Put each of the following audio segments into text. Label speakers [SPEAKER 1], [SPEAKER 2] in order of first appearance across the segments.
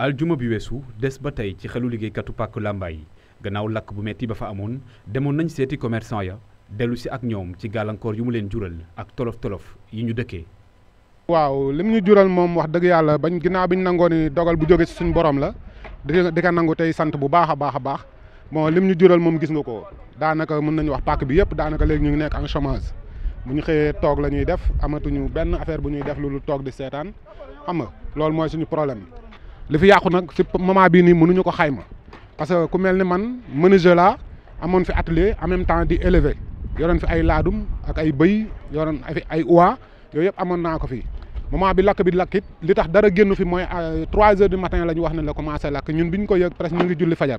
[SPEAKER 1] aljuma bi wessu des ba tay ci xelu liggey bafa pak lambay gannaaw lak bu metti ba fa amone demone nañ seti commerçant ya delu ci ak ñom ci galancor yu mu len jural ak tolof-tolof yi ñu dekké waaw lim ñu jural mom wax deug yalla bañ ginaa biñ nangoni dogal bu joge ci suñu borom la di ka nangu tay sante bu baaxa baaxa baax lim ñu jural mom gis nga ko daanaka mën nañ wax pak bi yëpp daanaka leg ñu nekk en chômage bu ñu xeye tok lañuy ñuy def amatuñu benn affaire bu ñuy def tok di sétane xam nga lool moy suñu problème li fi yàqu nag si moment bii nii mënuñu ko xayma parce que ku mel ni man menuisier laa amoon fi atelier en même temps di élever yoroon fi ay laadum ak ay bëy yoroon fi ay oie yooyu yëpp amoon naa ko fi moment bi lakk bi lakk it li tax dara génn fi mooy euh, trois heures du matin la ñu wax ne la commencé lakk ñun bi ñu ko yëg presque ñu ngi julli fajar.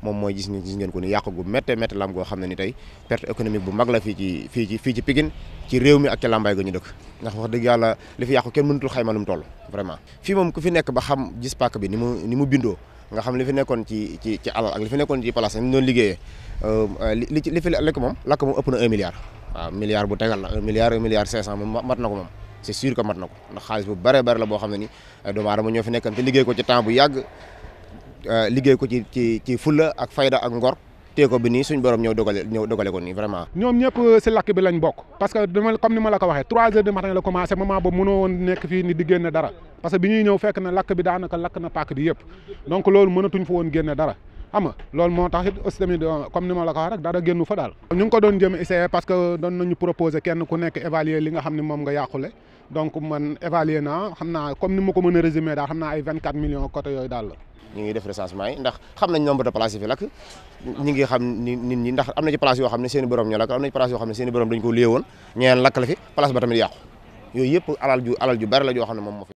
[SPEAKER 2] moom mooy gis ngeen gis ngeen ko ni yàq gu métte métte lam goo xam ne ni tey perte économique bu mag la fii ci fii ci réew mi ak ca làmbaay ga dëkk ndax wax dëgg yàlla li fi yàqu kenn mënutul xayma nu mu toll vraiment fii moom ku fi nekk ba xam gis pàkk bi ni mu ni mu bindoo nga xam li fi nekkoon ci ci ci alal ak li fi nekkoon ci place ñu doon liggéeyee euh, li ci li fi lekk moom lakk moom ëpp na un milliard milliard bu tegal moom mat na ko moom c'est sûr que mat na ko ndax xaalis bu bare bare xam ne ni doomu aadama ñoo fi ko ci temps bu Euh, liggéey ko ci ci ci fulla ak fayda ak ngor té ko bi ni suñ borom ñew dogalé ñew dogalé ko ni vraiment
[SPEAKER 1] ñom ñep ci euh, lakk bi lañ bok parce que dama comme ni ma la ko waxé 3 h du matin la commencé mama bo mëno won nek fi ni di génn dara parce que bi ñuy ñew fekk na lakk bi danaka lakk na pak bi yépp donc loolu mënatuñ fu won génné dara xam nga motax it aussi tamit euh, comme nima la ko wax rek dara gennu fa dal ñu ko doon jëm essayer parce que doon nañu proposer kenn ku nekk évaluer li nga xamni mom nga yaqulé donc man évaluer na xamna comme nima ko mëna résumer da xamna ay 24 millions côté yoy
[SPEAKER 2] dal ñi ngi def recensement yi ndax xamna nañ nombre de places fi lak ñi ngi xam nit ñi ndax amna ci place yo xamni seen borom ñu lak amna ci place yo xamni seen borom dañ ko léewoon ñeen lak la fi place ba tamit yaq yoy yëpp alal ju alal ju bari la jo xamni mom